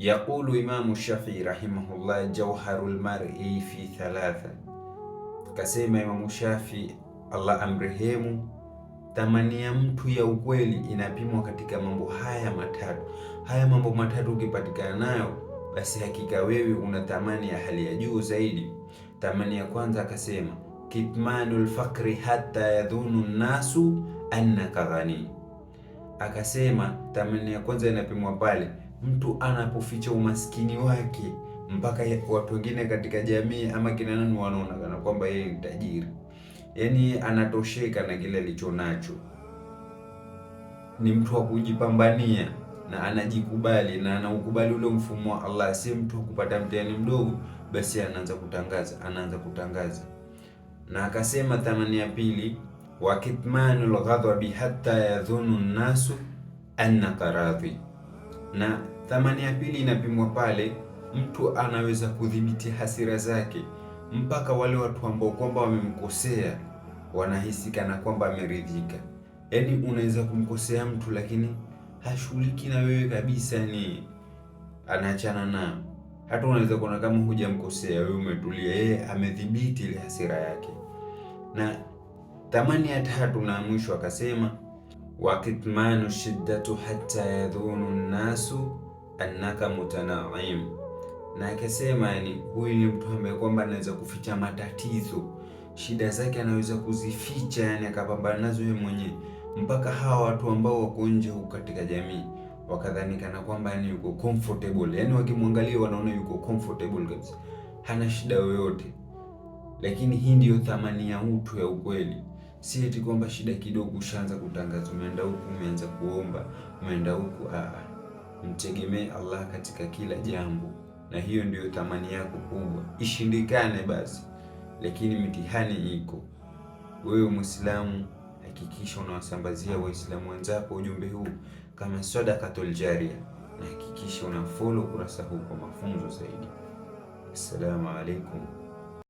Yaqulu Imamu Shafii rahimahullah, jawharul mar'i fi thalatha, kasema Imamu Shafii Allah amrehemu, thamani ya mtu ya ukweli inapimwa katika mambo haya matatu. Haya mambo matatu ukipatikana nayo, basi hakika wewe una thamani ya hali ya juu zaidi. Thamani ya kwanza akasema, kitmanul lfakri hatta yadhunu nnasu annaka ghani, akasema thamani ya kwanza inapimwa pale mtu anapoficha umaskini wake mpaka watu wengine katika jamii ama kina nani wanaona kana kwamba yeye ni tajiri, yaani anatosheka na kile alicho nacho, Ni mtu wa kujipambania na anajikubali na anaukubali ule mfumo wa Allah, si mtu wa kupata mtihani mdogo basi anaanza kutangaza, anaanza kutangaza. Na akasema thamani ya pili, wa kitmanul ghadhabi hatta yadhunnu nnasu annaka radhi na thamani ya pili inapimwa pale mtu anaweza kudhibiti hasira zake mpaka wale watu ambao kwamba wamemkosea wanahisi kana kwamba ameridhika. Yaani unaweza kumkosea mtu lakini hashughuliki na wewe kabisa, ni yaani anaachana na Hata unaweza kuona kama hujamkosea wewe, umetulia, yeye amedhibiti ile hasira yake. Na thamani ya tatu na mwisho akasema wa kitmanu shiddatu hatta yadhunu nnasu annaka mutanaim. Na akasema yani, huyu ni mtu ambaye kwamba anaweza kuficha matatizo, shida zake anaweza kuzificha, yani akapambana nazo yeye mwenyewe, mpaka hawa watu ambao wako nje huko katika jamii wakadhanikana kwamba yani yuko comfortable, yani wakimwangalia wanaona yuko comfortable kabisa, hana shida yoyote. Lakini hii ndiyo thamani ya utu ya ukweli si eti kwamba shida kidogo ushaanza kutangaza, umeenda huku, umeanza kuomba, umeenda huku. Mtegemee Allah katika kila jambo, na hiyo ndiyo thamani yako kubwa. Ishindikane basi, lakini mitihani iko. Wewe Muislamu, hakikisha unawasambazia Waislamu wenzako ujumbe huu kama sadaqatul jaria, na hakikisha una follow kurasa huu kwa mafunzo zaidi. Assalamu alaikum.